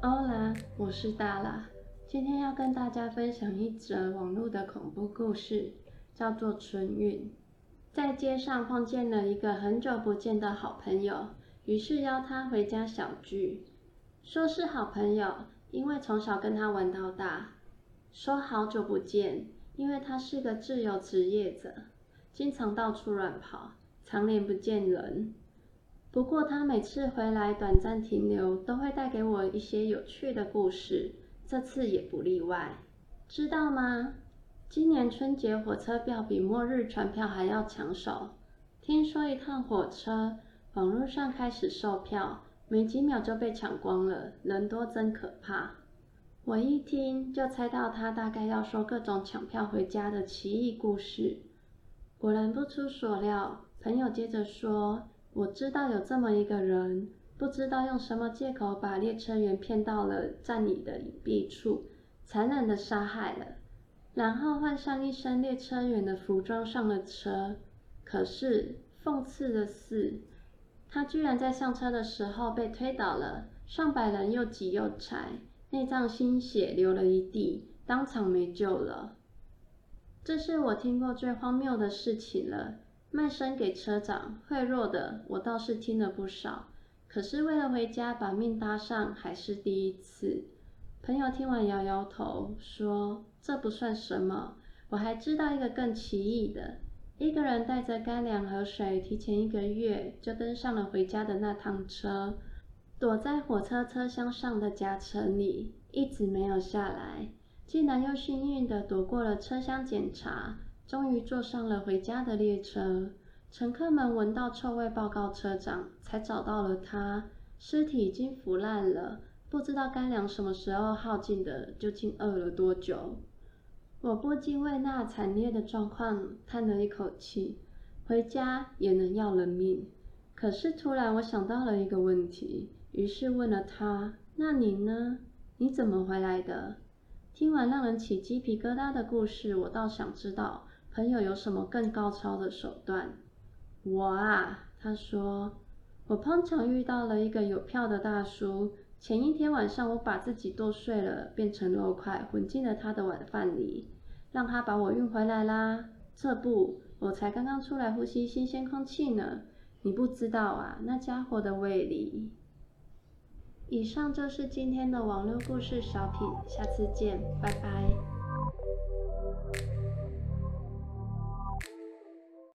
Hola，我是大拉，今天要跟大家分享一則網絡的恐怖故事，叫做《春運》。在街上碰見了一個很久不見的好朋友，於是邀他回家小聚，說是好朋友，因為從小跟他玩到大；說好久不見，因為他是個自由職業者，經常到處亂跑，常年不見人。不過他每次回來短暫停留，都會帶給我一些有趣的故事，這次也不例外。知道嗎？今年春節火車票比末日船票還要搶手，聽說一趟火車，網絡上開始售票，沒幾秒就被搶光了，人多真可怕。我一聽就猜到他大概要說各種搶票回家的奇異故事，果然不出所料，朋友接着說。我知道有這麼一個人，不知道用什麼借口把列車員騙到了站裡的隱蔽處，殘忍地殺害了，然後換上一身列車員的服裝上了車。可是諷刺的是，他居然在上車的時候被推倒了，上百人又擠又踩，內臟心血流了一地，當場沒救了。這是我聽過最荒謬的事情了。賣身給車長賄賂的，我倒是聽了不少。可是為了回家把命搭上，還是第一次。朋友聽完搖搖頭，說：“這不算什麼，我還知道一個更奇異的：一個人帶着乾糧和水，提前一個月就登上了回家的那趟車，躲在火車車廂上的夾層裡，一直沒有下來，竟然又幸運的躲過了車廂檢查。”終於坐上了回家的列車，乘客們聞到臭味報告車長，才找到了他，屍體已經腐爛了，不知道乾糧什麼時候耗盡的，究竟餓了多久？我不禁為那慘烈的狀況嘆了一口氣，回家也能要人命。可是突然我想到了一個問題，於是問了他：“那你呢？你怎麼回來的？”聽完讓人起雞皮疙瘩的故事，我倒想知道。朋友有什麼更高超的手段？我啊，他說，我碰巧遇到了一個有票的大叔。前一天晚上，我把自己剁碎了，變成肉塊，混進了他的晚飯裡，讓他把我運回來啦。這不，我才剛剛出來呼吸新鮮空氣呢。你不知道啊，那家伙的胃裡。以上就是今天的網絡故事小品，下次見，拜拜。